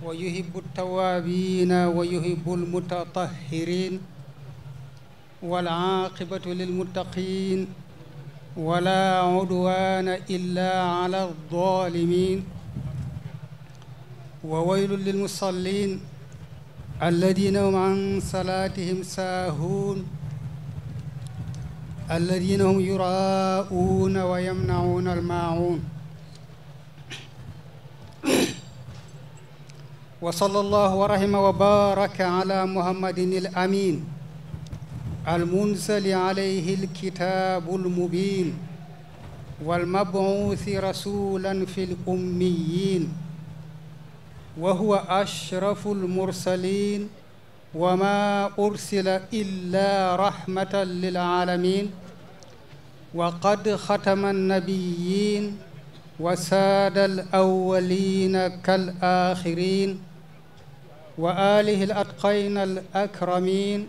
wa yuhibbu tawaabiina wa yuhibbu almutatahiriin walaqibatu lilmuttaqiin wala udwaana illa ala alzaalimiin wa waylun lilmusalliin alladina hum an salaatihim saahuun alladina hum yuraa'uuna wa yamna'uuna almaa'uun وصلى الله ورحم وبارك على محمد الأمين المنزل عليه الكتاب المبين والمبعوث رسولا في الأميين وهو أشرف المرسلين وما أرسل إلا رحمة للعالمين وقد ختم النبيين وساد الأولين كالآخرين وآله الأتقين الأكرمين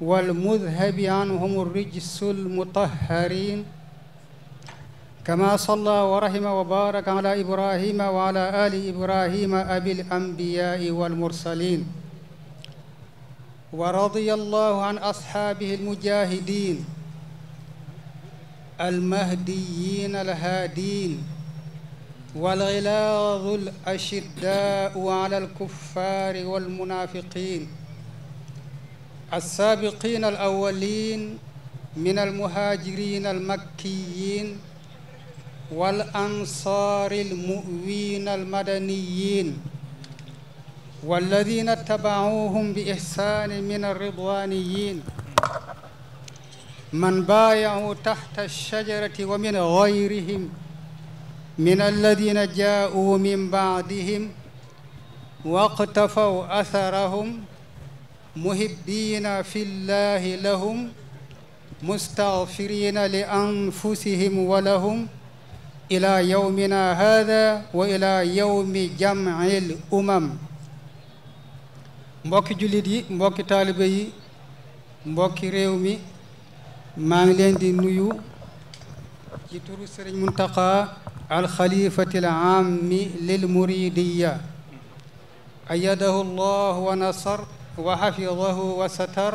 والمذهب عنهم الرجس المطهرين كما صلى ورحم وبارك على إبراهيم وعلى آل إبراهيم أبي الأنبياء والمرسلين ورضي الله عن أصحابه المجاهدين المهديين الهادين والغلاظ الأشداء على الكفار والمنافقين السابقين الأولين من المهاجرين المكيين والأنصار المؤوين المدنيين والذين اتبعوهم بإحسان من الرضوانيين من بايعوا تحت الشجرة ومن غيرهم من الذين جاءوا من بعدهم واقتفوا أثرهم محبين في الله لهم مستغفرين لأنفسهم ولهم إلى يومنا هذا وإلى يوم جمع الأمم mbokki jullit yi mbokki taalibe yi mbokki réew mi maa ngi leen di nuyu ci turu Sëriñ Muntaxa الخليفة العام للمريدية أيده الله ونصر وحفظه وستر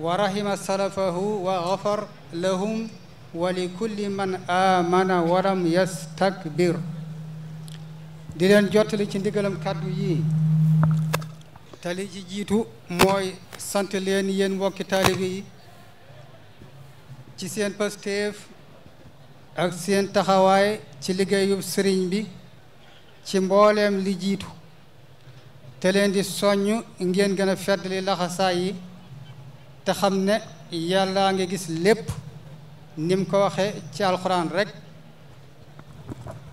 ورحم سلفه وغفر لهم ولكل من آمن ولم يستكبر di leen jottali ci ndigalam kàddu yi te li ci jiitu mooy sant leen yéen mbokki taalibe yi ci seen pasteef ak seen taxawaay ci liggéeyub sëriñ bi ci mboolem li jiitu te leen di ngeen gën a feddali laxasaay yi te xam ne yàllaa nga gis lépp ni mu ko waxee ci alxuraan rekk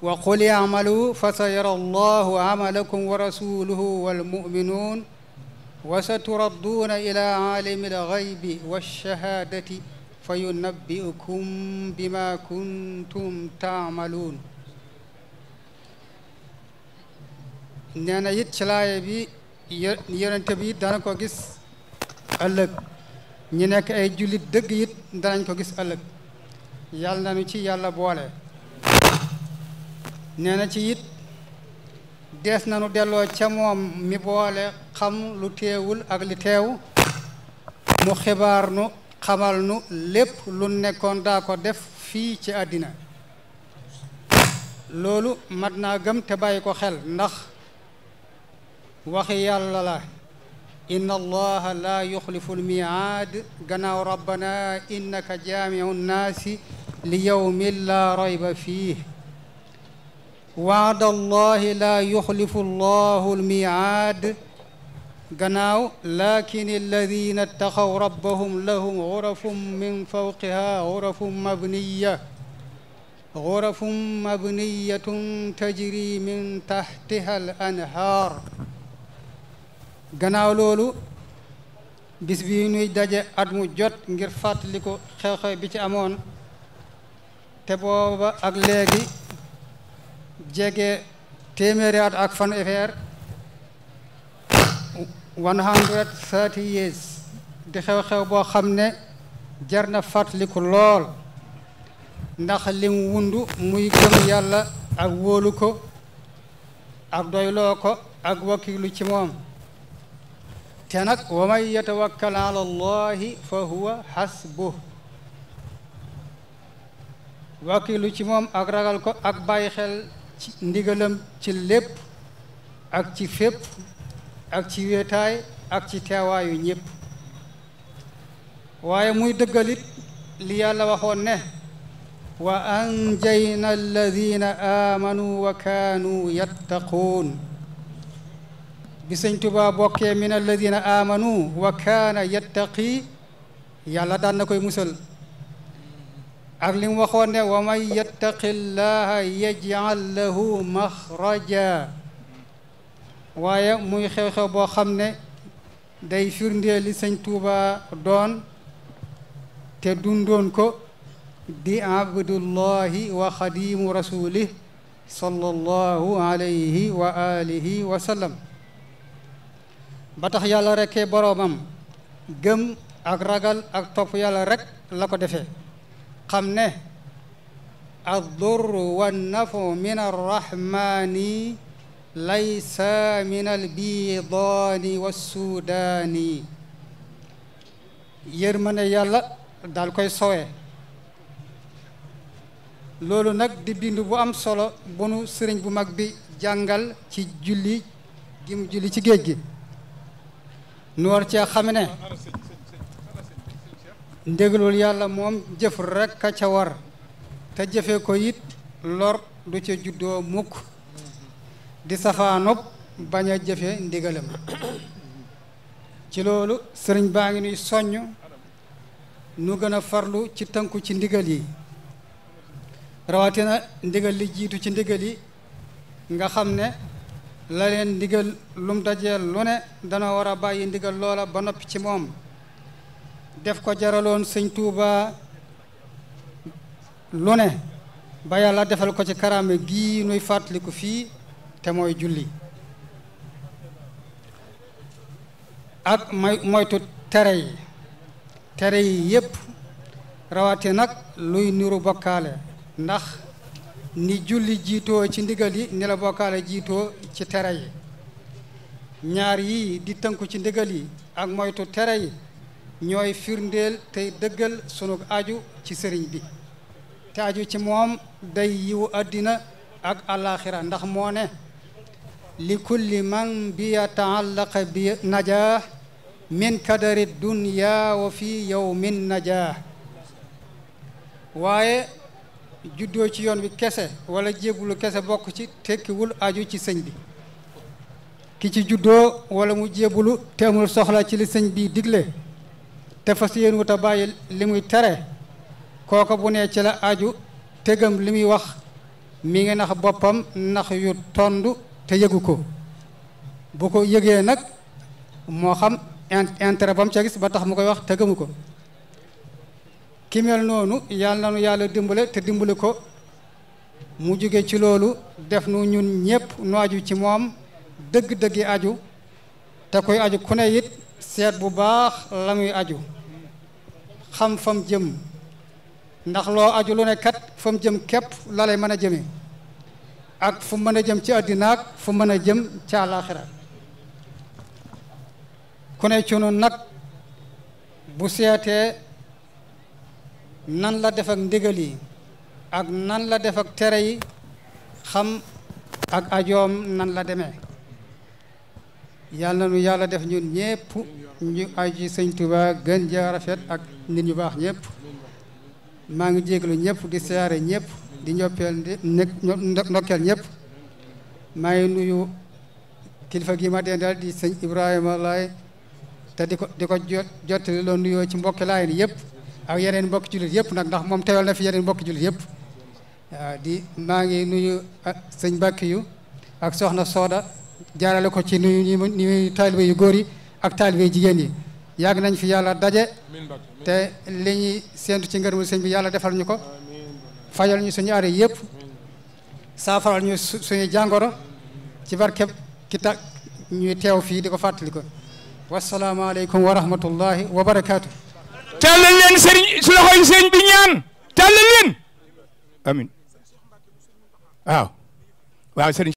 wa qul yaamalu fa sa yara allahu amalakum wa rasuluhu wa sa turadduuna ila aalimi alxaybi walchahaadati fa yunabbi'ukum bima kuntum taamaluun nee na it ci laaye bi yonente bi it dana ko gis ëllëg ñu nekk ay jullit dëgg it danañ ko gis ëllëg yàlla nañu ci yàlla boole nee ci it dees nañu delloo ca moom mi boole xam lu teewul ak li teew mu xibaar nu xamal nu lépp lu nekkoon daa ko def fii ci àddina loolu mat naa gëm te bàyyi ko xel ndax waxi yàlla la inna allaha laa yuxlifu almiaad gannaaw rabbana innaka jaamiu nnaasi li yawmin laa rayba fiih waada allahi laa yuxlifu allahu almiaad gannaaw lakin alladina ttaqaw rabbahum lahum xurafum min fawqiha xurafum mabniya xurafum mabniyatun tajri min taxtiha al anhaar gannaaw loolu bis bi nuy daje at mu jot ngir fàttaliku ko xew bi ci amoon te booba ak léegi jege téeméeri at ak fanweer 130 years di xew-xew boo xam ne jar na fàttaliku lool ndax lim wundu muy gëm yàlla ak wóolu ko ak doyloo ko ak wakkilu ci moom te nag wa man yatawakkal ala fa huwa hasbuh wakkilu ci moom ak ragal ko ak bàyyi xel ci ndigalam ci lépp ak ci fépp ak ci wéetaay ak ci teewaayu ñépp waaye muy dëggalit li yàlla waxoon ne wa anjayna alladina aamanu wa kaanu yattaquun bi sëñ Tuubaa min alladina aamanu wa kaana yattaqi yàlla daan koy musal ak li mu waxoon ne wa man yattaqi llaha yaj'al lahu maxraja waaye muy xew-xew boo xam ne day firndee li sëñ Tuuba doon te dundoon ko di abdullahi wa xadimu rasulih sallallahu alayhi wa alihi wa sallam ba tax yàlla rekkee boroomam gëm ak ragal ak topp yàlla rek la ko defee xam ne ad-durru wan nafu min ar-rahmani lay laysa min albiidaani wassuudaani yërmande yàlla daal koy sowee loolu nag di bind bu am solo bu nu sëriñ bu mag bi jàngal ci julli gi mu julli ci géej gi nu war cee xam ne ndéglul yàlla moom jëf rekk a ca war te jëfe ko it lor du ca juddoo mukk di safaanob bañ a jëfe ndigalam ci loolu sëriñ baa ngi nuy soññ nu gën a farlu ci tënku ci ndigal yi rawatina ndigal li jiitu ci ndigal yi nga xam ne la leen ndigal lum dajeel lu ne dana war a bàyyi ndigal loola ba noppi ci moom def ko jaraloon sëñ Tuuba lu ne ba yàlla defal ko ci karaame gii nuy fàttaliku fii te mooy julli ak moytu tere yi tere yi yépp rawati nag luy niru bokkaale ndax ni julli jiitoo ci ndigal yi ni la bokkaale jiitoo ci tere yi ñaar yii di tënku ci ndigal yi ak moytu tere yi ñooy firndeel tey dëggal sunu aju ci sëriñ bi te aju ci moom day yiwu àddina ak àllaaxira ndax moo ne li kulli man bi yataallaqa bi najaax min kadari dunya fii yow yawmin najaax waaye juddoo ci yoon wi kese wala jébulu kese bokk ci tekkiwul aju ci sëñ bi ki ci juddoo walla mu jébulu te soxla ci li sëñ bi digle te fas yéen wut a bàyyi li muy tere kooka bu ne ci la aju tegam li muy wax mi ngi nax boppam nax yu tondu te yëgu ko bu ko yëgee nag moo xam intérêt ba mu ca gis ba tax mu koy wax te gëmu ko ki mel noonu yàlla nanu yàlla dimbale te dimbale ko mu jóge ci loolu def nu ñun ñëpp nu aju ci moom dëgg-dëggi aju te koy aju ku ne it seet bu baax lamuy muy aju xam fam jëm ndax loo aju lu ne kat fam jëm képp la mën a jëmee ak fu mën a jëm ci àddina fu mën a jëm ci àllaaxira ku ci nun nag bu seetee nan la def ak ndigal yi ak nan la def ak tere yi xam ak ajoom nan la demee yàlla na nu yàlla def ñun ñépp ñu aji sëñ Tuba gën ja rafet ak nit ñu baax ñépp maa ngi jéglu ñépp di siyaare ñépp di njoppeel nekk ndokkeel ñëpp maa ngi nuyu kilifa gi ma deen daal di sëñ Ibrahima Laay te di ko di ko jot jottali loo nuyoo ci mbokki laay ni yëpp ak yeneen mbokki jullit yëpp nag ndax moom teewal na fi yeneen mbokki jullit yëpp di maa ngi nuyu ah, sëñ Bakki yu ak soxna Sooda jaarale ko ci nuyu nuyu taalibe yu góor yi ak taalibe jigéen yi yàgg nañ fi yàlla daje te li ñuy séentu ci ngërëmu sëñ bi yàlla defal ñu ko fajal ñu suñu aada yëpp saafaral ñu suñu jàngoro ci barkeb ki tax ñuy teew fii di ko fàttali ko wasalaamaaleykum wa rahmatullahi leen sëriñ su loxoy sëriñ bi ñaan leen